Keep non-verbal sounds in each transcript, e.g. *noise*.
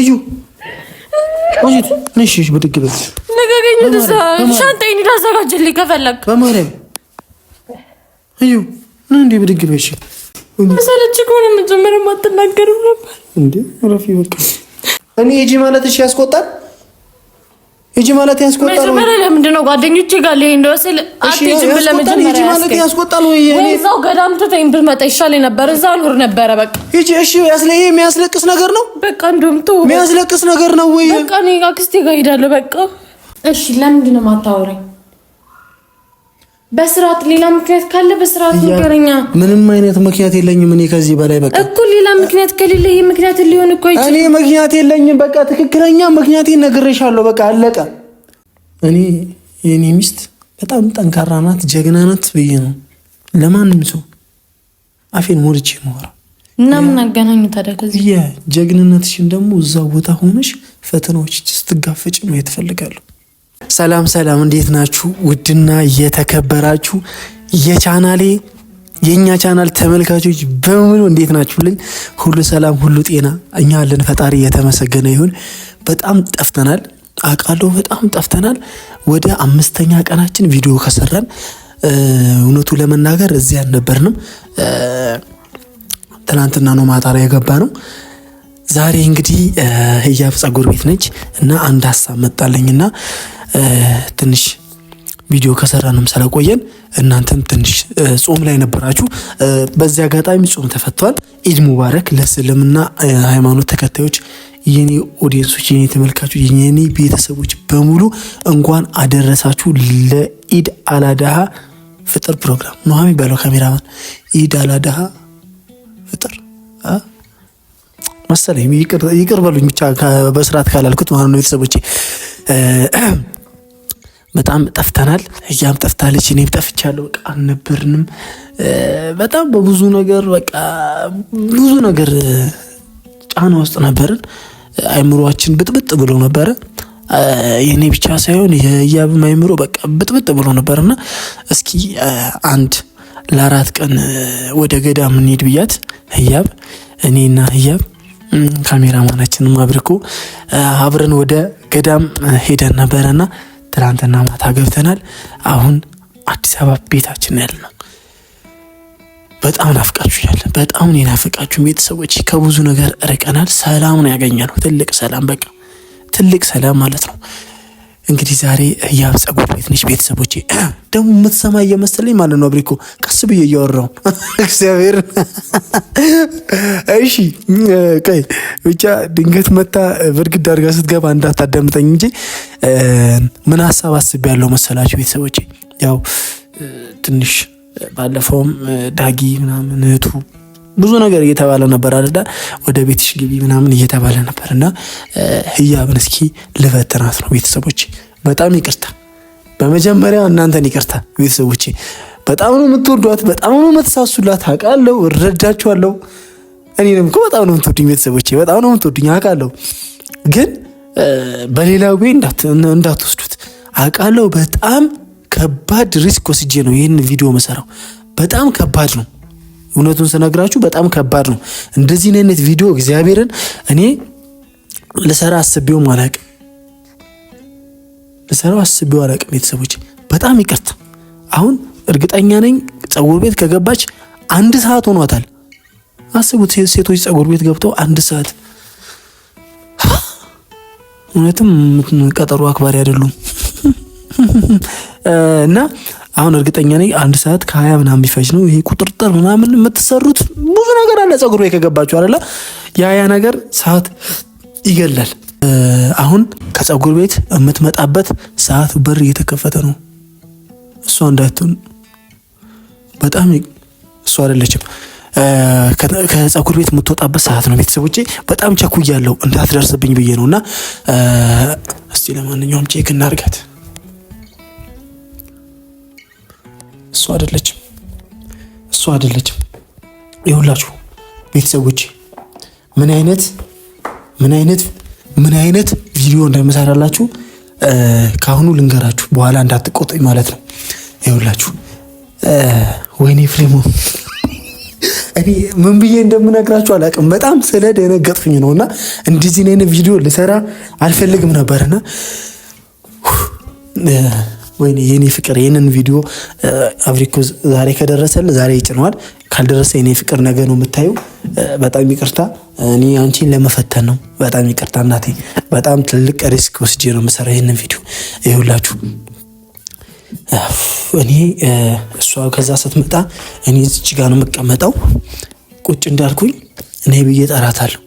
እዩ ቆይት ነሽ ብድግ በል ነገገኝ ደሳ ሻንጣዬን ዳዘጋጅልኝ ከፈለግ በማርያም እዩ ምን እንዴ ብድግ በሽ መሰለች ከሆነ መጀመሪያ አትናገርም ነበር እንዴ ረፊ በቃ እኔ ሂጂ እሺ ያስቆጣል እጅ ማለት ያስቆጣል። መጀመሪያ ለምንድን ነው ጓደኞቼ ጋር ይሄን እንደወሰል አትሄጂም ብለህ መጀመሪያ ማለት ያስቆጣል ወይ? ወይ እዛው ገዳም ትተኝ ብመጣ ይሻለኝ ነበር። እዛው ኑር ነበረ በቃ። እጅ እሺ፣ ያስለ ይሄ የሚያስለቅስ ነገር ነው በቃ። እንደውም ተው፣ የሚያስለቅስ ነገር ነው ወይ? በቃ እኔ አክስቴ ጋር እሄዳለሁ በቃ። እሺ፣ ለምንድን ነው የማታወራኝ? በስርዓት ሌላ ምክንያት ካለ በስርዓት ንገረኛ። ምንም አይነት ምክንያት የለኝም እኔ ከዚህ በላይ በቃ እኮ ሌላ ምክንያት ከሌለ ይሄ ምክንያት ሊሆን እኮ አይችልም። እኔ ምክንያት የለኝም። በቃ ትክክለኛ ምክንያት ነግሬሻለሁ። በቃ አለቀ። እኔ የኔ ሚስት በጣም ጠንካራ ናት፣ ጀግና ናት ብዬ ነው ለማንም ሰው አፌን ሞልቼ የማወራው እና ምን አገናኙ ታዲያ ከዚህ የጀግንነትሽን ደግሞ እዛ ቦታ ሆነሽ ፈተናዎች ስትጋፈጭ ማየት እፈልጋለሁ። ሰላም ሰላም፣ እንዴት ናችሁ? ውድና የተከበራችሁ የቻናሌ የእኛ ቻናል ተመልካቾች በሙሉ እንዴት ናችሁልኝ? ሁሉ ሰላም፣ ሁሉ ጤና፣ እኛ አለን። ፈጣሪ የተመሰገነ ይሁን። በጣም ጠፍተናል፣ አውቃለሁ፣ በጣም ጠፍተናል። ወደ አምስተኛ ቀናችን ቪዲዮ ከሰራን እውነቱ ለመናገር እዚህ አልነበርንም። ትናንትና ነው ማጣሪያ የገባ ነው ዛሬ እንግዲህ ህያብ ጸጉር ቤት ነች እና አንድ ሀሳብ መጣለኝና ትንሽ ቪዲዮ ከሰራንም ስለቆየን እናንተም ትንሽ ጾም ላይ ነበራችሁ። በዚህ አጋጣሚ ጾም ተፈቷል። ኢድ ሙባረክ ለእስልምና ሃይማኖት ተከታዮች የኔ ኦዲየንሶች፣ የኔ ተመልካቾች፣ የኔ ቤተሰቦች በሙሉ እንኳን አደረሳችሁ ለኢድ አላዳሃ ፍጥር ፕሮግራም። ኑሃሚ ባለው ካሜራማን ኢድ አላዳሃ ፍጥር መሰለኝ ይቅር በሉኝ ብቻ በስርዓት ካላልኩት ማለት ነው። ቤተሰቦቼ በጣም ጠፍተናል፣ እያም ጠፍታለች፣ እኔም ጠፍቻለሁ። በቃ አልነበርንም። በጣም በብዙ ነገር በቃ ብዙ ነገር ጫና ውስጥ ነበርን። አይምሮችን ብጥብጥ ብሎ ነበረ። የእኔ ብቻ ሳይሆን የእያብም አይምሮ በቃ ብጥብጥ ብሎ ነበር እስኪ አንድ ለአራት ቀን ወደ ገዳም እንሄድ ብያት እያብ እኔና እያብ ካሜራማናችንም አብርኩ አብረን ወደ ገዳም ሄደን ነበረና ትላንትና ማታ ገብተናል። አሁን አዲስ አበባ ቤታችን ያለ ነው። በጣም ናፍቃችሁኛል። በጣም ነው የናፈቃችሁ ቤተሰቦች። ከብዙ ነገር ርቀናል። ሰላም ነው ያገኘ ነው። ትልቅ ሰላም፣ በቃ ትልቅ ሰላም ማለት ነው። እንግዲህ ዛሬ ያብ ጸጉር ቤት ነች። ቤተሰቦቼ *clears throat* ደግሞ የምትሰማ እየመሰለኝ ማለት ነው። አብሪኮ ቀስ ብዬ እያወራው *laughs* እግዚአብሔር። እሺ ቀይ ብቻ ድንገት መታ ብርግድ አድርጋ ስትገባ እንዳታዳምጠኝ እንጂ ምን ሀሳብ ያለው መሰላችሁ ቤተሰቦች ያው ትንሽ ባለፈውም ዳጊ ምናምን እህቱ ብዙ ነገር እየተባለ ነበር አይደለ? ወደ ቤትሽ ግቢ ምናምን እየተባለ ነበር። እና ህያብን እስኪ ልበትናት ነው ቤተሰቦች። በጣም ይቅርታ፣ በመጀመሪያ እናንተን ይቅርታ ቤተሰቦች በጣም ነው የምትወዷት፣ በጣም ነው የምትሳሱላት። አውቃለሁ፣ እረዳችኋለሁ። እኔንም እኮ በጣም ነው የምትወዱኝ ቤተሰቦች፣ በጣም ነው የምትወዱኝ አውቃለሁ። ግን በሌላ እንዳትወስዱት አውቃለሁ። በጣም ከባድ ሪስክ ወስጄ ነው ይህን ቪዲዮ መሰራው። በጣም ከባድ ነው እውነቱን ስነግራችሁ በጣም ከባድ ነው። እንደዚህ አይነት ቪዲዮ እግዚአብሔርን እኔ ልሰራ አስቤውም አላቅም፣ ልሰራው አስቤው አላቅም። ቤተሰቦች በጣም ይቅርታ። አሁን እርግጠኛ ነኝ ፀጉር ቤት ከገባች አንድ ሰዓት ሆኗታል። አስቡት ሴቶች ፀጉር ቤት ገብተው አንድ ሰዓት። እውነትም ቀጠሮ አክባሪ አይደሉም *laughs* እና አሁን እርግጠኛ ነኝ አንድ ሰዓት ከሀያ ምናምን ቢፈጅ ነው። ይሄ ቁጥርጥር ምናምን የምትሰሩት ብዙ ነገር አለ። ጸጉር ቤት ከገባችሁ አለ የሀያ ነገር ሰዓት ይገላል። አሁን ከጸጉር ቤት የምትመጣበት ሰዓት በር እየተከፈተ ነው። እሷ እንዳትሆን በጣም እሷ አይደለችም። ከጸጉር ቤት የምትወጣበት ሰዓት ነው። ቤተሰቦቼ በጣም ቸኩያለሁ እንዳትደርስብኝ ብዬ ነው እና እስቲ ለማንኛውም ቼክ እናርጋት። እሱ አይደለችም፣ እሱ አይደለችም። ይሁላችሁ ቤተሰቦች ምን አይነት ምን አይነት ምን አይነት ቪዲዮ እንደምሰራላችሁ ከአሁኑ ልንገራችሁ፣ በኋላ እንዳትቆጡኝ ማለት ነው። ይሁላችሁ ወይኔ ፍሬሙ *laughs* እኔ ምን ብዬ እንደምነግራችሁ አላውቅም። በጣም ስለደነገጥኩኝ ነው እና እንደዚህ አይነት ቪዲዮ ልሰራ አልፈልግም ነበርና ወይ የኔ ፍቅር ይህንን ቪዲዮ አብሪኮ ዛሬ ከደረሰል ዛሬ ይጭነዋል፣ ካልደረሰ የኔ ፍቅር ነገ ነው የምታየው። በጣም ይቅርታ፣ እኔ አንቺን ለመፈተን ነው። በጣም ይቅርታ እናቴ፣ በጣም ትልቅ ሪስክ ወስጄ ነው የምሰራ ይህንን ቪዲዮ። ይሁላችሁ እኔ እሷ ከዛ ስትመጣ እኔ እዚች ጋ ነው የምቀመጠው። ቁጭ እንዳልኩኝ እኔ ብዬ ጠራታለሁ።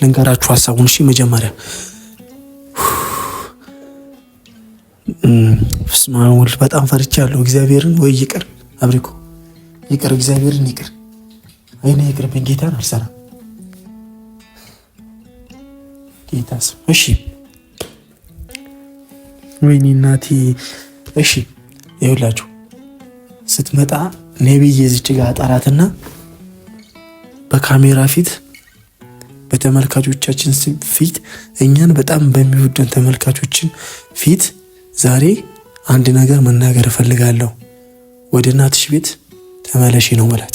ልንገራችሁ ሀሳቡን እሺ መጀመሪያ ስማውል በጣም ፈርቻለሁ። እግዚአብሔርን ወይ ይቅር፣ አብሪኮ ይቅር፣ እግዚአብሔርን ይቅር፣ አይነ ይቅር። ጌታን አልሰራም። ጌታስ እሺ፣ ወይኔ እናቴ። እሺ፣ ይኸውላችሁ ስትመጣ ነቢይ የዚች ጋር አጣራትና በካሜራ ፊት በተመልካቾቻችን ፊት እኛን በጣም በሚወደን ተመልካቾችን ፊት ዛሬ አንድ ነገር መናገር እፈልጋለሁ። ወደ እናትሽ ቤት ተመለሺ ነው ማለት።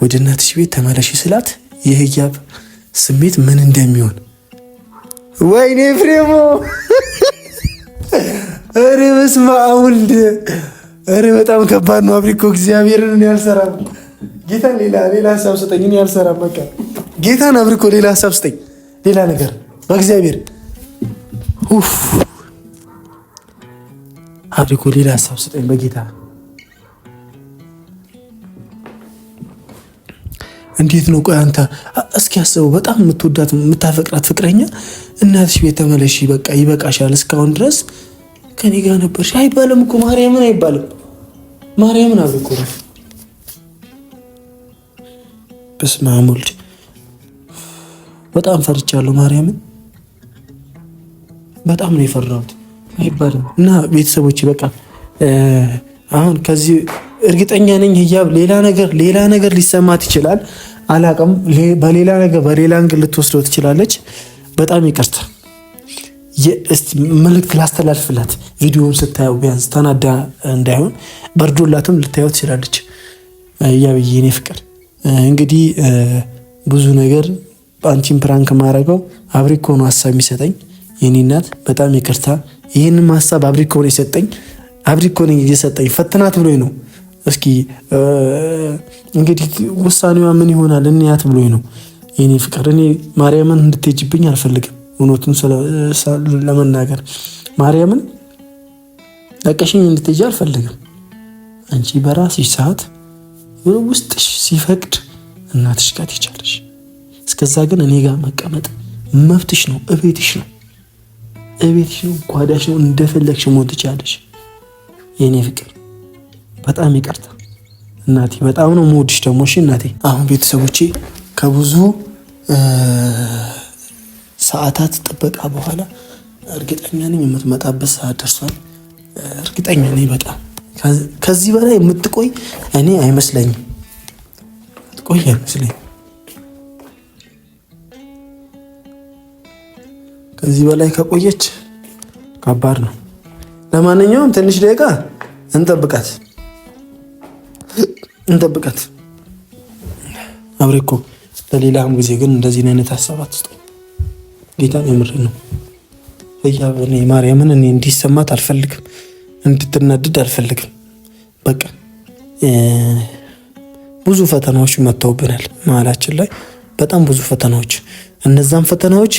ወደ እናትሽ ቤት ተመለሺ ስላት የህያብ ስሜት ምን እንደሚሆን ወይኔ ፍሬሞ እኔ በስመ አብ ወልድ እኔ በጣም ከባድ ነው። አብሪኮ እግዚአብሔርን ያልሰራም ጌታ ሌላ ሌላ ሀሳብ ስጠኝ። እኔ ያልሰራም በቃ ጌታን አብሪኮ ሌላ ሀሳብ ስጠኝ። ሌላ ነገር በእግዚአብሔር ኡፍ አብሪኮ ሌላ ሀሳብ ስጠኝ በጌታ እንዴት ነው? ቆይ አንተ እስኪ ያስበው። በጣም የምትወዳት የምታፈቅራት ፍቅረኛ እናትሽ ቤት ተመለሽ፣ በቃ ይበቃሻል፣ እስካሁን ድረስ ከኔ ጋር ነበርሽ አይባልም እኮ ማርያምን፣ አይባልም ማርያምን። አብሪኮ ነው በስመ አብ ወልድ። በጣም ፈርቻለሁ ማርያምን፣ በጣም ነው የፈራሁት። እና ቤተሰቦች በቃ አሁን ከዚህ እርግጠኛ ነኝ ህያብ ሌላ ነገር ሌላ ነገር ሊሰማት ይችላል። አላቅም በሌላ ነገር በሌላ እንግል ልትወስደው ትችላለች። በጣም ይቅርታ መልክት ላስተላልፍላት። ቪዲዮውን ስታየው ቢያንስ ተናዳ እንዳይሆን በርዶላትም ልታየው ትችላለች። ህያብዬ የኔ ፍቅር እንግዲህ ብዙ ነገር አንቺን ፕራንክ ማድረገው አብሪኮ ነው ሀሳብ የሚሰጠኝ የኔ እናት። በጣም ይቅርታ ይህንን ሀሳብ አብሪ ከሆነ የሰጠኝ አብሪ ከሆነ የሰጠኝ ፈትናት ብሎኝ ነው። እስኪ እንግዲህ ውሳኔዋ ምን ይሆናል እንያት ብሎኝ ነው። የኔ ፍቅር እኔ ማርያምን እንድትሄጅብኝ አልፈልግም። እውነቱን ለመናገር ማርያምን ለቀሽኝ እንድትጅ አልፈልግም። አንቺ በራስሽ ሰዓት ውስጥሽ ሲፈቅድ እናትሽ ጋር ትሄጃለሽ። እስከዛ ግን እኔ ጋር መቀመጥ መብትሽ ነው፣ እቤትሽ ነው። እቤትሽ ነው ጓዳሽ ነው እንደፈለግሽ ሞት ትችያለሽ። የእኔ ፍቅር በጣም ይቅርታ እናቴ፣ በጣም ነው የምወድሽ ደግሞ እሺ እናቴ። አሁን ቤተሰቦቼ ከብዙ ሰዓታት ጥበቃ በኋላ እርግጠኛ ነኝ የምትመጣበት ሰዓት ደርሷል። እርግጠኛ ነኝ በጣም ከዚህ በላይ የምትቆይ እኔ አይመስለኝም። የምትቆይ አይመስለኝም። ከዚህ በላይ ከቆየች ከባድ ነው። ለማንኛውም ትንሽ ደቂቃ እንጠብቃት እንጠብቃት። አብሬ እኮ ለሌላም ጊዜ ግን እንደዚህ አይነት ሀሳብ አትስጡ። ጌታ የምር ነው። ህያብን ማርያምን እኔ እንዲሰማት አልፈልግም፣ እንድትናድድ አልፈልግም። በቃ ብዙ ፈተናዎች መጥተውብናል መሀላችን ላይ በጣም ብዙ ፈተናዎች። እነዛን ፈተናዎች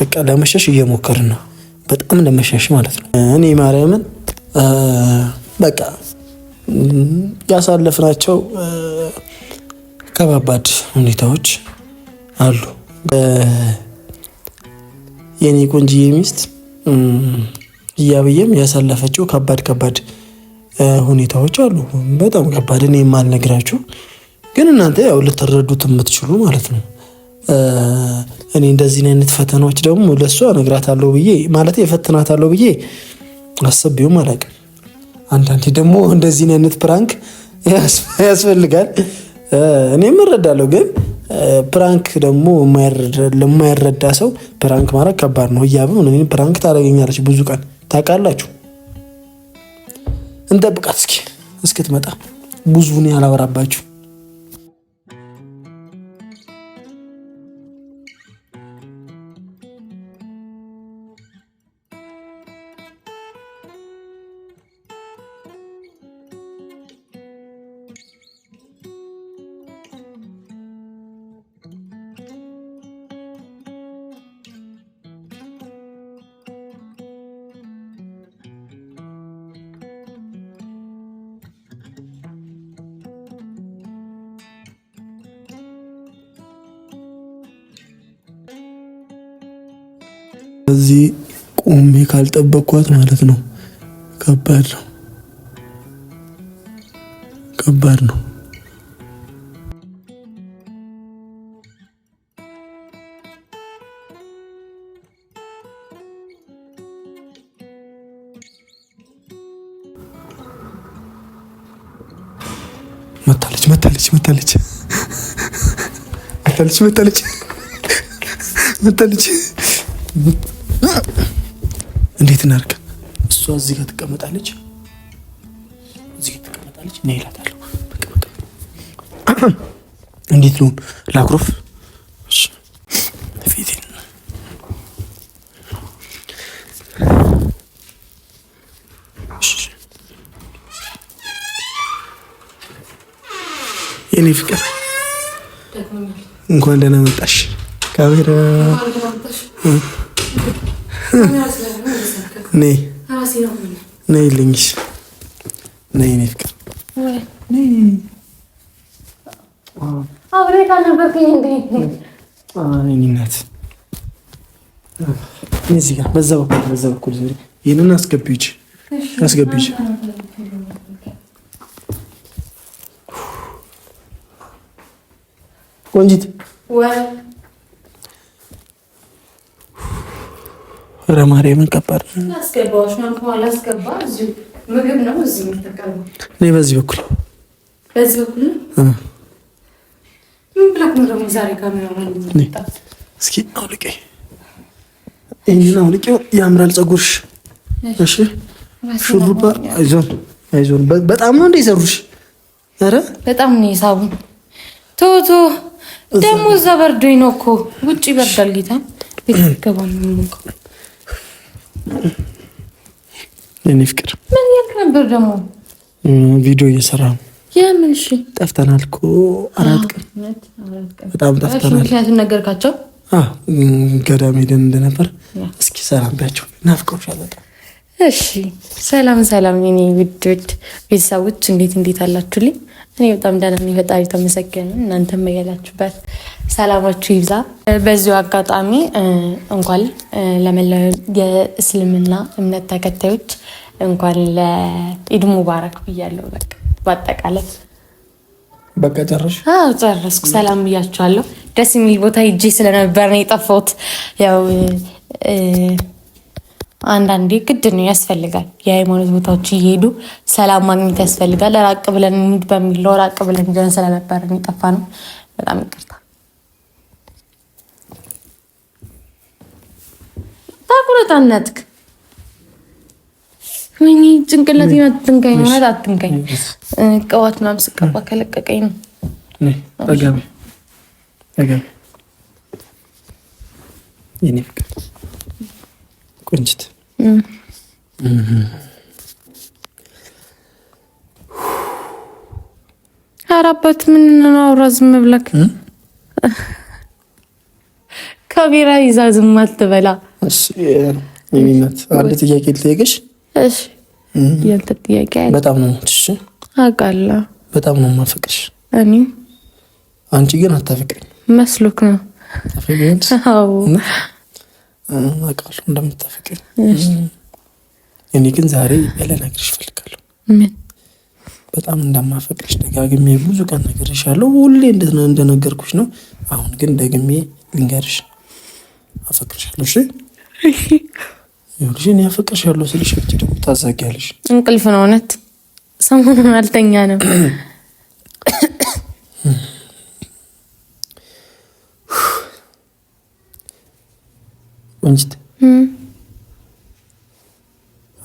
በቃ ለመሸሽ እየሞከርን ነው። በጣም እንደመሸሽ ማለት ነው። እኔ ማርያምን በቃ ያሳለፍናቸው ከባባድ ሁኔታዎች አሉ። የእኔ ቆንጅዬ ሚስት እያብዬም ያሳለፈችው ከባድ ከባድ ሁኔታዎች አሉ። በጣም ከባድ እኔ የማልነግራችሁ ግን እናንተ ያው ልትረዱት የምትችሉ ማለት ነው። እኔ እንደዚህ አይነት ፈተናዎች ደግሞ ለእሷ እነግራታለሁ ብዬ ማለት የፈትናታለሁ ብዬ አሰቢውም አላውቅም። አንዳንዴ ደግሞ እንደዚህ አይነት ፕራንክ ያስፈልጋል። እኔም እረዳለሁ፣ ግን ፕራንክ ደግሞ ለማይረዳ ሰው ፕራንክ ማድረግ ከባድ ነው። እያብም እኔ ፕራንክ ታደርገኛለች ብዙ ቀን ታውቃላችሁ። እንጠብቃት እስኪ እስክትመጣ ብዙን ያላወራባችሁ እዚህ ቆሜ ካልጠበቅኳት ማለት ነው ከባድ ነው ከባድ ነው። መታለች መታለች መታለች መታለች መታለች መታለች እንዴት እናድርግ? እሷ እዚህ ጋር ትቀመጣለች፣ እዚህ ጋር ትቀመጣለች። እኔ እላታለሁ እንዴት ልሆን? ላኩርፍ? የኔ ፍቅር እንኳን ደህና መጣሽ ካሜራ በኩል ይህንን አስገቢች አስገቢች ቆንጂት ረማርያምን ከባድ ነው። በዚህ በኩል እስኪ አውልቄ ይህንን አውልቄው ያምራል ፀጉርሽ። እሺ ሹሩባ አይዞን አይዞን። በጣም ነው እንደ ይሰሩሽ። ኧረ በጣም ነው የሳቡ። ቶቶ ደግሞ እዛ በርዶኝ ነው እኮ ውጭ ይበርዳል። ጌታ *clears throat* ቤት ገባ ነው የኔ ፍቅር ምን ያልክ ነበር ደግሞ? ቪዲዮ እየሰራ ነው። የምን እሺ፣ ጠፍተናል እኮ አራት ቀን በጣም ጠፍተናል። ምክንያቱም ነገርካቸው ገዳም ሄደን እንደነበር እስኪ ሰላም ቢያቸው ናፍቀውሻል በጣም እሺ ሰላም ሰላም፣ የኔ ውድ ቤተሰቦች እንዴት እንዴት አላችሁልኝ? እኔ በጣም ደህና ነኝ፣ ፈጣሪ ተመሰገን። እናንተም እያላችሁበት ሰላማችሁ ይብዛ። በዚሁ አጋጣሚ እንኳን ለመላው የእስልምና እምነት ተከታዮች እንኳን ለኢድ ሙባረክ ብያለሁ። በቃ በአጠቃላይ በቃ ጨረስኩ። አዎ ጨረስኩ። ሰላም ብያችኋለሁ። ደስ የሚል ቦታ ሂጄ ስለነበር ነው የጠፋሁት። ያው አንዳንዴ ግድ ነው ያስፈልጋል። የሃይማኖት ቦታዎች እየሄዱ ሰላም ማግኘት ያስፈልጋል። ራቅ ብለን በሚለው ራቅ ብለን ስለነበር የጠፋ ነው። በጣም ይቅርታ። ታቁረጥ አናትክ ወይኔ ጭንቅላቴን አትንካኝ ማለት አትንካኝ። ቀዋት ምናምን ስቀባ ከለቀቀኝ ነው። ቁንጅት ኧረ ምን ነው አውራ ዝም ብለክ ካሜራ ይዛ ዝም አትበላ አንድ ጥያቄ ልጠይቅሽ። ያንተ ጥያቄ በጣም ነው የምትሽ አውቃለሁ። በጣም ነው የማፈቅሽ። እኔ አንቺ ግን መስሎክ ነው። *laughs* አውቃለሁ እኔ ግን ዛሬ ልነግርሽ እፈልጋለሁ በጣም እንደማፈቅርሽ ደጋግሜ ብዙ ቀን ነግሬሻለሁ። ሁሌ እንደነገርኩሽ ነው። አሁን ግን ደግሜ ልንገርሽ፣ አፈቅርሻለሁ። እሺ ልጅን ያፈቀሽ ያለው ስልሽ ብቻ ደግሞ ታዛጊያለሽ። እንቅልፍ ነው እውነት፣ ሰሞኑን አልተኛ ነው። ቆንጅት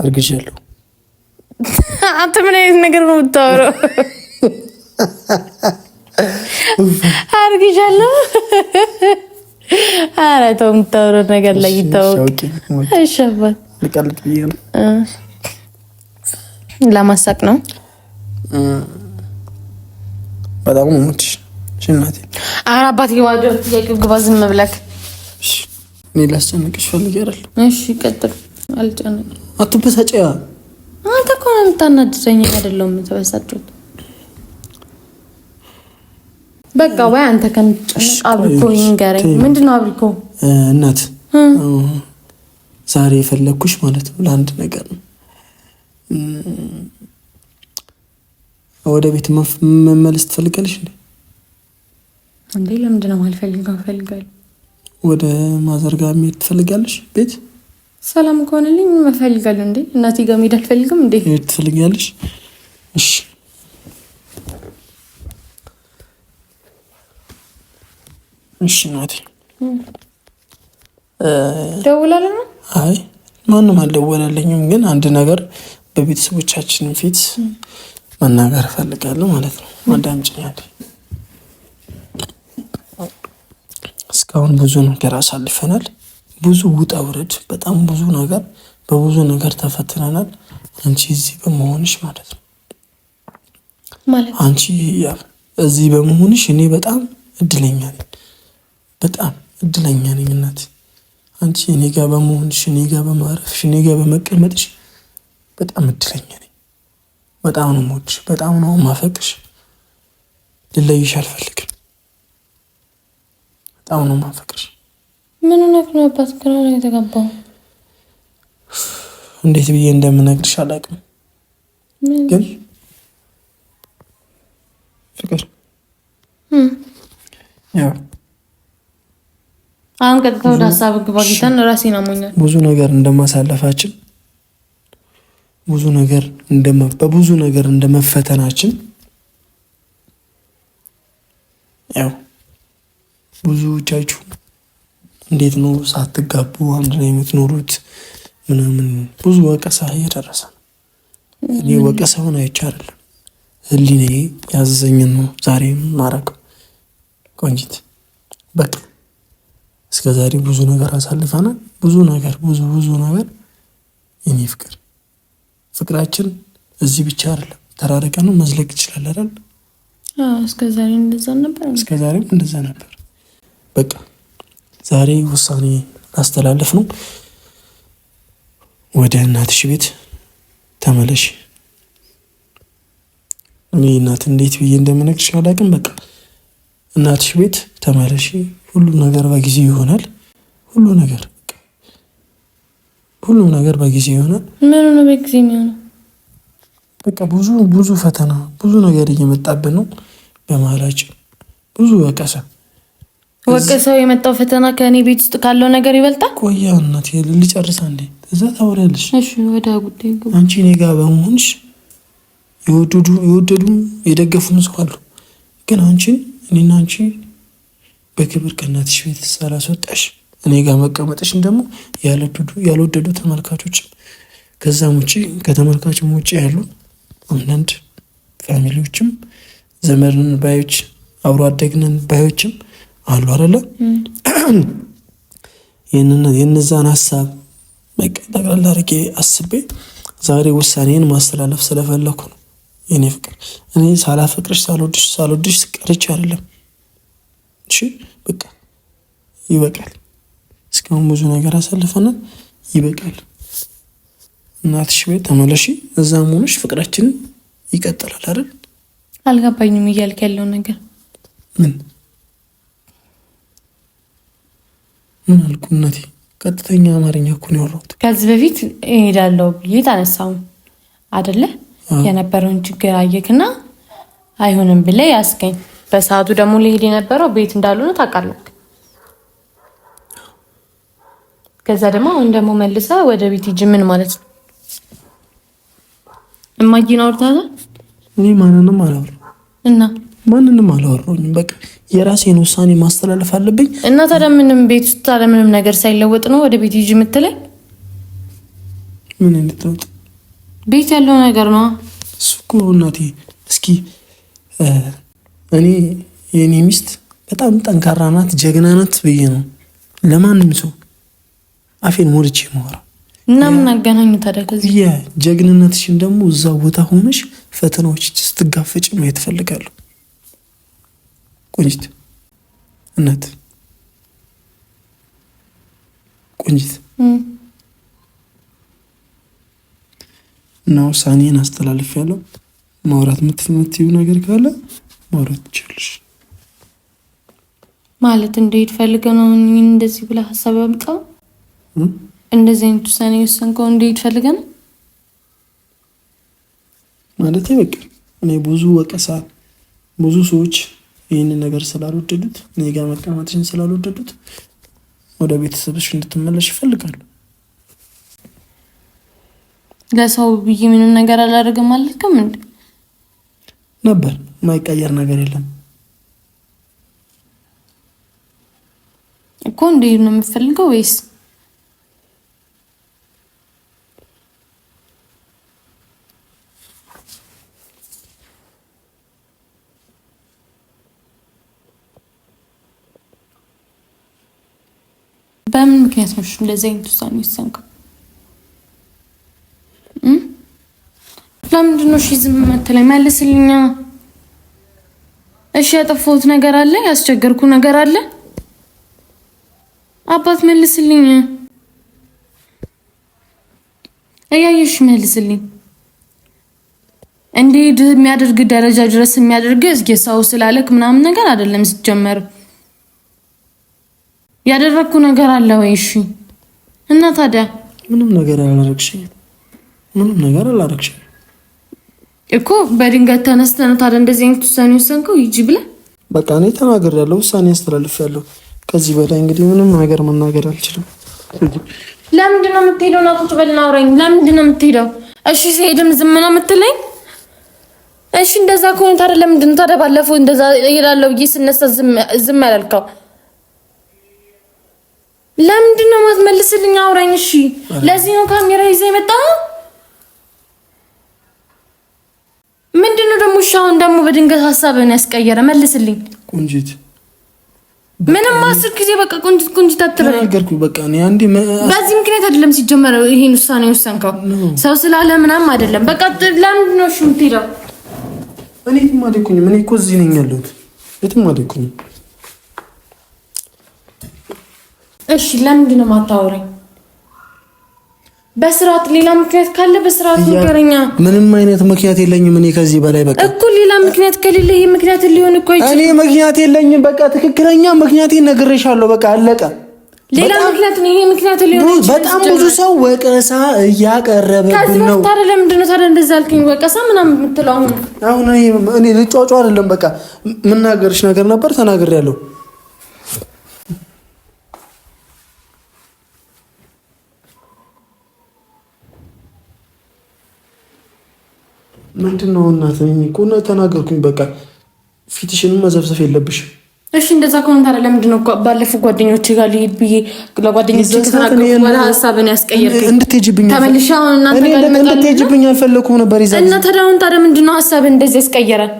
አርግዣለሁ። አንተ ምን አይነት ነገር ነው የምታወራው? *laughs* አርግዣለሁ አረ ተው፣ የምታወራው ነገር ላይ ይታወቅ። አይሻባል ልቀልቅ ብዬ ነው ለማሳቅ ነው። በጣም ሞች ሽናቴ። ኧረ አባቴ ዋጆ ጥያቄው ግባ። ዝም ብለክ እኔ ላስጨንቅሽ ፈልጌ አይደል? እሺ ቀጥል። አልጨንቅም። አትበሳጭ። አንተ እኮ ነው የምታናድደኝ። አይደለሁም በቃ ወይ አንተ ከምትጨነቅ አብርኮ ይንገረኝ። ምንድን ነው አብርኮ? እናት ዛሬ የፈለግኩሽ ማለት ነው ለአንድ ነገር ወደ ቤት መመለስ ትፈልጋለሽ እንዴ? እንዴ ለምንድን ነው የማልፈልገው? እፈልጋለሁ። ወደ ማዘር ጋር መሄድ ትፈልጋለሽ? ቤት ሰላም ከሆነልኝ እፈልጋለሁ። እንዴ እናቴ ጋር መሄድ አልፈልግም። እንዴ ትፈልጋለሽ? እሺ እሺ እናቴ ደውላለን። አይ ማንም አልደወላለኝም፣ ግን አንድ ነገር በቤተሰቦቻችን ፊት መናገር እፈልጋለሁ ማለት ነው። አዳምጪኝ። እስካሁን ብዙ ነገር አሳልፈናል። ብዙ ውጣ ውረድ፣ በጣም ብዙ ነገር፣ በብዙ ነገር ተፈትነናል። አንቺ እዚህ በመሆንሽ ማለት ነው አንቺ እዚህ በመሆንሽ እኔ በጣም እድለኛ ነኝ። በጣም እድለኛ ነኝ እናት አንቺ እኔ ጋር በመሆንሽ፣ እኔ ጋር በማረፍሽ፣ እኔ ጋር በመቀመጥሽ በጣም እድለኛ ነኝ። በጣም ነው የምወድሽ፣ በጣም ነው የማፈቅሽ። ልለይሽ አልፈልግም። በጣም ነው የማፈቅሽ። ምን ነክ ነው አባት? ግራ ነው የተገባው። እንዴት ብዬ እንደምነግርሽ አላውቅም፣ ግን ፍቅር ያው አሁን ቀጥታ ወደ ሀሳብ ግባ። ጌታን ራሴን አሞኛል። ብዙ ነገር እንደማሳለፋችን ብዙ ነገር በብዙ ነገር እንደመፈተናችን ያው ብዙዎቻችሁ እንዴት ነው ሳትጋቡ አንድ ላይ የምትኖሩት ምናምን ብዙ ወቀሳ እየደረሰ ነው። እኔ ወቀሳውን አይቼ አይደለም ህሊናዬ ያዘዘኝን ነው ዛሬም ማረግ ቆንጂት በቃ እስከ ዛሬ ብዙ ነገር አሳልፈናል። ብዙ ነገር ብዙ ብዙ ነገር የኔ ፍቅር ፍቅራችን እዚህ ብቻ አይደለም። ተራርቀ ነው መዝለቅ ይችላል አይደል? እስከ እንደዛ ዛሬም እንደዛ ነበር። በቃ ዛሬ ውሳኔ አስተላለፍ ነው። ወደ እናትሽ ቤት ተመለሽ። እኔ እናት እንዴት ብዬ እንደምነግርሽ አላውቅም። በቃ እናትሽ ቤት ተመለሽ። ሁሉም ነገር በጊዜ ይሆናል። ሁሉ ነገር ሁሉም ነገር በጊዜ ይሆናል። ምን ነው በጊዜ የሚሆነው? በቃ ብዙ ብዙ ፈተና ብዙ ነገር እየመጣብን ነው። በመሀላችን ብዙ ወቀሰ ወቀሰው የመጣው ፈተና ከእኔ ቤት ውስጥ ካለው ነገር ይበልጣል። ቆይ እናቴ ልጨርስ እንዴ እዛ ታወሪያለሽ። ወደ ጉዳይ አንቺ እኔ ጋር በመሆንሽ የወደዱም የደገፉም ሰው አሉ፣ ግን አንቺን እኔና አንቺ በክብር ከእናትሽ ቤት ሳላስወጣሽ እኔ ጋር መቀመጥሽን ደግሞ ያልወደዱ ተመልካቾችም ከዛም ውጭ ከተመልካችም ውጭ ያሉ አንዳንድ ፋሚሊዎችም ዘመድን ባዮች አብሮ አደግነን ባዮችም አሉ አለ *clears throat* የነዛን ሀሳብ ጠቅላላ አድርጌ አስቤ ዛሬ ውሳኔን ማስተላለፍ ስለፈለኩ ነው። የኔ ፍቅር እኔ ሳላፈቅርሽ ሳልወድሽ ሳልወድሽ ቀርቼ አይደለም እሺ በቃ ይበቃል። እስካሁን ብዙ ነገር አሳልፈናል፣ ይበቃል። እናትሽ ቤት ተመለሺ፣ እዛ መሆንሽ ፍቅራችንን ይቀጥላል አይደል? አልገባኝም እያልክ ያለው ነገር ምን ምን አልኩ እናቴ? ቀጥተኛ አማርኛ እኮ ነው ያወራሁት። ከዚህ በፊት እሄዳለሁ ብዬ ታነሳው አይደለ? የነበረውን ችግር አየክና አይሆንም ብለህ ያስገኝ በሰዓቱ ደግሞ ሊሄድ የነበረው ቤት እንዳልሆነ ታውቃለህ። ከዛ ደግሞ አሁን ደግሞ መልሰ ወደ ቤት ሂጂ ምን ማለት ነው? እማጊን አውርታለ እኔ ማንንም አላወራሁም እና ማንንም አላወራሁኝም። በቃ የራሴን ውሳኔ ማስተላለፍ አለብኝ እና ታዲያ ምንም ቤት ውስጥ ታዲያ ምንም ነገር ሳይለወጥ ነው ወደ ቤት ሂጂ የምትለኝ? ምን አይነት ለውጥ? ቤት ያለው ነገር ነው እሱ እኮ እናቴ። እስኪ እኔ የእኔ ሚስት በጣም ጠንካራ ናት፣ ጀግና ናት ብዬ ነው ለማንም ሰው አፌን ሞልቼ የማወራው። እና ምን አገናኙ ታዲያ ከዚህ? የጀግንነትሽን ደግሞ እዛ ቦታ ሆነሽ ፈተናዎች ስትጋፈጭ ማየት እፈልጋለሁ። ቆንጅት እናት ቆንጅት እና ውሳኔን አስተላልፍ ያለው ማውራት የምትፈልጊው ነገር ካለ ማውራት ትችላለሽ። ማለት እንደሄድ ፈልገህ ነው እንደዚህ ብለ ሀሳብ ያምጣው እንደዚህ አይነት ውሳኔ የወሰንከው እንደሄድ ፈልገህ ነው ማለት በቃ እኔ ብዙ ወቀሳ ብዙ ሰዎች ይህንን ነገር ስላልወደዱት እኔ ጋር መቀማትሽን ስላልወደዱት ወደ ቤተሰብሽ እንድትመለሽ ይፈልጋሉ። ለሰው ብዬ ምንም ነገር አላደርግም አልክም እንዴ ነበር የማይቀየር ነገር የለም እኮ። እንዲህ ነው የምትፈልገው ወይስ በምን ምክንያት ነው እንደዚህ አይነት ውሳኔ ይሰንከው? ለምንድን ነው ሺ ዝም መተላይ መልስልኛ እሺ ያጠፋሁት ነገር አለ? ያስቸገርኩ ነገር አለ? አባት መልስልኝ፣ እያየሽ መልስልኝ። እንዲህ የሚያደርግ ደረጃ ድረስ የሚያደርግ እስኪ ሰው ስላለክ ምናምን ነገር አይደለም። ሲጀመር ያደረግኩ ነገር አለ ወይ? እሺ እና ታዲያ ምንም ነገር አላደረግሽም። ምንም ነገር አላደረግሽም። እኮ በድንገት ተነስተህ ታዲያ እንደዚህ አይነት ውሳኔ ወሰንከው? ይጂ ብለ በቃ እኔ ተናገር ያለው ውሳኔ አስተላልፍ ያለው ከዚህ በላይ እንግዲህ ምንም ነገር መናገር አልችልም። ለምንድን ነው የምትሄደው? ና ቁጭ በልና አውራኝ። ለምንድን ነው የምትሄደው? እሺ ሲሄድም ዝም ነው የምትለኝ? እሺ እንደዛ ከሆነ ታዲያ ለምንድን ነው ታዲያ ባለፈው እንደዛ እሄዳለሁ ብዬ ስነሳ ዝም ያላልከው? ለምንድን ነው ማትመልስልኝ? አውራኝ። እሺ ለዚህ ነው ካሜራ ይዘህ የመጣው? እሺ አሁን ደግሞ በድንገት ሀሳብህን ያስቀየረ መልስልኝ። ቁንጂት ምንም አስር ጊዜ በቃ ቁንጂት ቁንጂት አትበል ነገርኩ። በቃ እኔ አንዴ በዚህ ምክንያት አይደለም ሲጀመረ ይሄን ውሳኔ ወሰንከው ሰው ስላለ ምናምን አይደለም። በቃ ለምንድን ነው እሺ የምትሄደው? እኔ የትም አልሄድኩኝም። እኔ እኮ እዚህ ነኝ ያለሁት፣ የትም አልሄድኩኝም። እሺ ለምንድን ነው የማታወራኝ? በስርዓት ሌላ ምክንያት ካለ በስርዓት ንገረኛ። ምንም አይነት ምክንያት የለኝም እኔ ከዚህ በላይ በቃ እኮ ሌላ ምክንያት ከሌለ ይሄ ምክንያት ሊሆን እኮ አይችልም። እኔ ምክንያት የለኝም። በቃ ትክክለኛ ምክንያት ነግሬሻለሁ። በቃ አለቀ። ሌላ ምክንያት ነው ይሄ ምክንያት ሊሆን ይችላል። በጣም ብዙ ሰው ወቀሳ እያቀረበብን ነው። ታዲያ ለምንድን ነው ታዲያ እንደዛ አልከኝ? ወቀሳ ምናምን የምትለው አሁን አሁን እኔ ልጫጫው አይደለም። በቃ የምናገርሽ ነገር ነበር ተናግሬያለሁ። ምንድን ነው እናት እኮ ተናገርኩኝ። በቃ ፊትሽንም መዘፍዘፍ የለብሽም። እሺ እንደዛ ከሆነ ታዲያ ለምንድን ነው ባለፈው ጓደኞች ጋር ልሂድ ብዬ ለጓደኞች ከተናገርኩ ሀሳብን ያስቀየርኩኝ? እንድትሄጂብኝ ተመልሼ አሁን እናንተ ጋር እንድትሄጂብኝ አልፈለኩም ነበር ይዛ እና ታዲያ አሁን ታዲያ ምንድን ነው ሀሳብን እንደዚህ ያስቀየረን?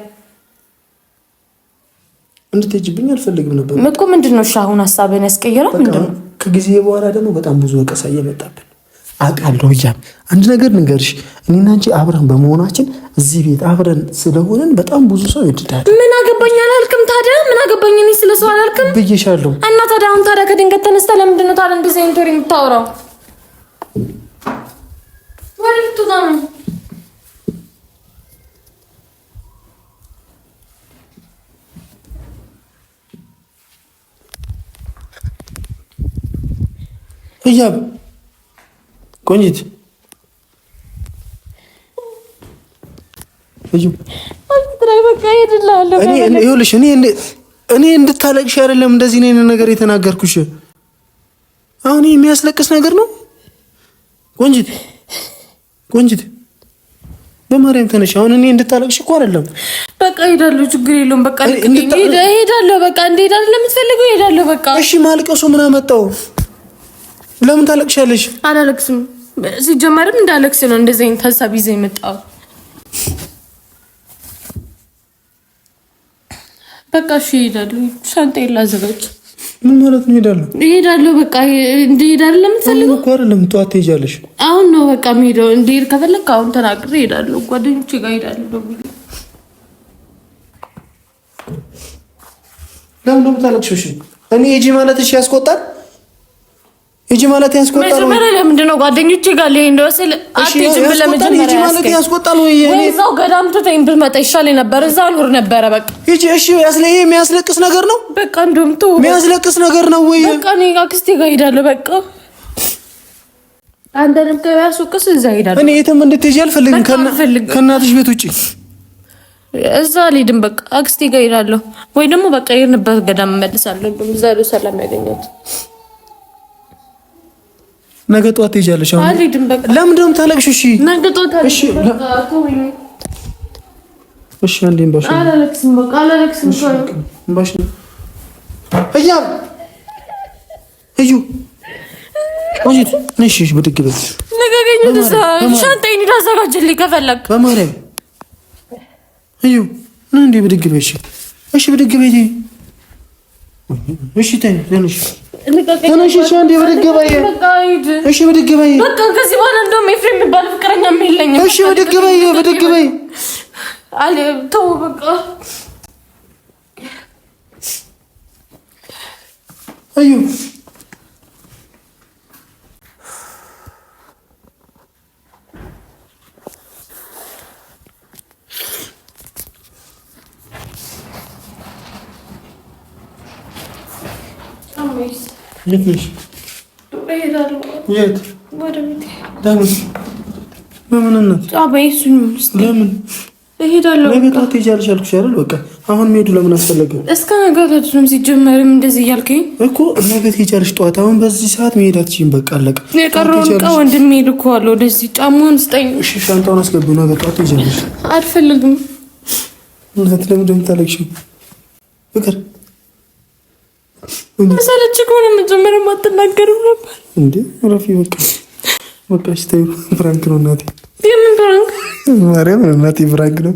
እንድትሄጂብኝ አልፈልግም ነበር እኮ። ምንድን ነው እሺ አሁን ሀሳብን ያስቀየረን ምንድን ነው? ከጊዜ በኋላ ደግሞ በጣም ብዙ ወቀሳ እየመጣብን አውቃለሁ። ብያም አንድ ነገር ንገርሽ፣ እኔና አንቺ አብረን በመሆናችን እዚህ ቤት አብረን ስለሆንን በጣም ብዙ ሰው ይወድዳል። ምን አገባኝ አላልክም? ታዲያ ምን አገባኝ እኔ ስለ ሰው አላልክም ብዬሻለሁ። እና ታዲያ አሁን ታዲያ ከድንገት ተነስተ ለምንድን ነው ታዲያ እንደዚህ አይነት ወሬ የምታወራው? ህያብ ቆንጂት እኔ እንድታለቅሽ አይደለም እንደዚህ ነው ነገር የተናገርኩሽ። አሁን የሚያስለቅስ ነገር ነው። ቆንጅት ቆንጅት በማርያም ተነሽ። አሁን እኔ እንድታለቅሽ እኮ አይደለም። በቃ እሄዳለሁ፣ ችግር የለውም። በቃ እሄዳለሁ፣ በቃ እንድሄድ አይደለም የምትፈልገው፣ እሄዳለሁ። በቃ እሺ፣ ማልቀሱ ምን አመጣው? ለምን ታለቅሻለሽ? አላለቅስም። ሲጀመርም እንዳለቅስ ነው እንደዚህ አይነት ሀሳብ ይዘህ የመጣው በቃ እሺ ይሄዳሉ። ሻንጣ ላዘጋጅ። ምን ማለት ነው? ይሄዳሉ ይሄዳሉ። በቃ እንደሄዳል ለምትፈልገው እኮ አይደለም። ጠዋት ትሄጃለሽ። አሁን ነው በቃ የምሄደው። እንደሄድ ከፈለግ አሁን ተናግሬ ይሄዳሉ። ጓደኞች ጋር ይሄዳሉ። ለምን ነው የምታለቅሺው? እኔ ሂጂ ማለት እሺ ያስቆጣል። ሂጂ ማለት ያስቆጣል ወይ? ለምንድን ነው ጓደኞቼ ጋር ይሄን እንደወሰል አትሄጂም ብለህ መጀመሪያ ማለት ያስቆጣል ወይ? ወይ እዛው ገዳም ትተኝ ብትመጣ ይሻለኝ ነበር። እዛው ልውር ነበረ በቃ ሂጂ። እሺ ያስለ ይሄ የሚያስለቅስ ነገር ነው። በቃ እንደውም ተው፣ የሚያስለቅስ ነገር ነው ወይ? በቃ እኔ አክስቴ ጋር እሄዳለሁ። በቃ አንተንም ከያስወቅስ እዛ እሄዳለሁ። እኔ የትም እንድትሄጂ አልፈልግም። ከእናትሽ ቤት ውጪ እዛ አልሄድም። በቃ አክስቴ ጋር እሄዳለሁ ወይ ደግሞ በቃ ይሄንበት ገዳም እመልሳለሁ። እንደውም እዛ ሰላም ያገኛት ነገ ጠዋት ትሄጃለሽ። አሁን ለምንድን ነው የምታለቅሽው? እሺ፣ ነገ ጠዋት እሺ፣ እሺ። አንዴ እምባሽ አላለቅስም፣ በቃ አላለቅስም። እምባሽ ነው። እያ እዩ ወጂት ነሽ። እሺ፣ ብድግ በይ። ነገ አገኘሁት። ሻንጣዬን ሂድ ከፈለግ። በማርያም እዩ፣ ነው እንዴ? ብድግ በይ። እሺ፣ እሺ፣ ብድግ በይ። እሺ ተነሽ ተነሽ። እሺ አንዴ ብድግ በይ። እሺ ብድግ በይ። በቃ ከዚህ በኋላ እንደውም ኤፍሬም የሚባል ፍቅረኛ የለኝም። እሺ ብድግ በይ፣ ብድግ በይ። አለ ተው በቃ አዩ የት ነሽ? የት? አሁን መሄዱ ለምን አስፈለገ? እስከ ነገ ታድሱም። ሲጀመርም እንደዚህ እያልከኝ እኮ ነገ ትሄጃለሽ ጠዋት። አሁን በዚህ ሰዓት መሄድ አትችይም። በቃ አለቀ። የቀረውን ዕቃ ወንድሜ ወደዚህ። ጫማውን ስጠኝ። እሺ፣ ሻንጣውን አስገቢው። ነገ ጠዋት ትሄጃለሽ። አልፈልግም። እናት ለምን ፍቅር መሰለች ከሆነ መጀመሪያ አትናገርም ነበር እንዴ? ረፊ በቃ በቃ ሽታዩ ፍራንክ ነው እናቴ። የምን ፍራንክ? ማርያም እናቴ ፍራንክ ነው።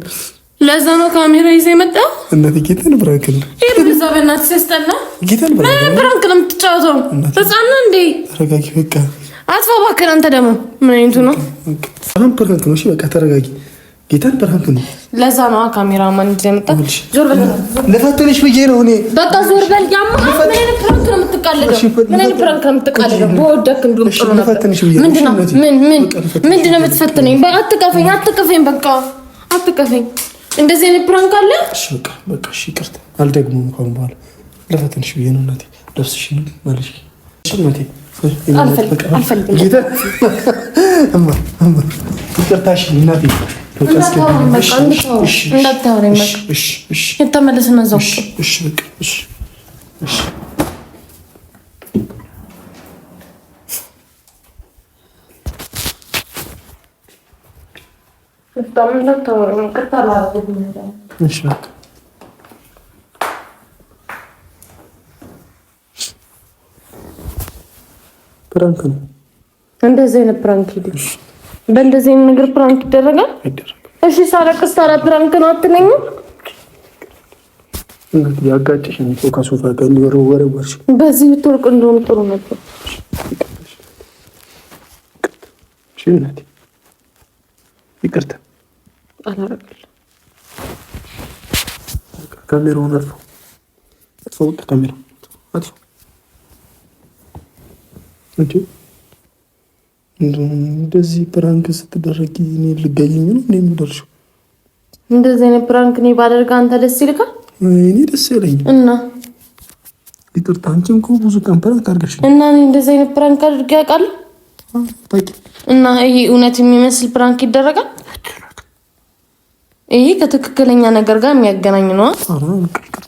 ለዛ ነው ካሜራ ይዘ የመጣ እናቴ። ጌታን ፍራንክ ነው ፍራንክ ነው የምትጫወተው። ህፃና እንዴ ተረጋጊ። በቃ አጥፋ እባክህ። አንተ ደግሞ ምን አይነቱ ነው? ፍራንክ ነው። በቃ ተረጋጊ። ጌታን ብርሃን ነው። ለዛ ነው ካሜራማን ይዘህ መጣህ። ዞር በል ልፈትንሽ ብዬ ነው እኔ። በቃ ዞር በል ምን አይነት ፕራንክ ነው የምትቃለደው? የምትፈትነኝ? አትቀፈኝ፣ በቃ አትቀፈኝ። እንደዚህ አይነት ፕራንክ አለ። እሺ በቃ በቃ እሺ፣ ይቅርታ አልደግሞም። በኋላ ብዬ ነው እናቴ። እናቴ አልፈልግም ጌታ እማ እማ ይቅርታሽ እናቴ የተመለስን እንደዚህ አይነት ፕራንክ በእንደዚህ ነገር ፕራንክ ይደረጋል? እሺ፣ ሳለቅስ ታዲያ ፕራንክ ነው አትለኝም? ያጋጭሽ ነው እኮ ከሶፋ ጋር ወርሽ በዚህ ብትወርቅ እንደሆነ ጥሩ ነበር። ሽነት ይቅርታ አላረግልም። ካሜራውን አጥፎ አጥፎ ካሜራ አጥፎ እንደዚህ ፕራንክ ስትደረግ እኔ ልገኝ ነው እንደ የምደርሽው። እንደዚህ አይነት ፕራንክ እኔ ባደርግ አንተ ደስ ይልካል? እኔ ደስ ይለኝ እና ይቅርታ፣ አንቺም እኮ ብዙ ቀን ፕራንክ አድርገሽ እና እኔ እንደዚህ አይነት ፕራንክ አድርጌ ያውቃል? እና ይሄ እውነት የሚመስል ፕራንክ ይደረጋል? ይሄ ከትክክለኛ ነገር ጋር የሚያገናኝ ነዋ።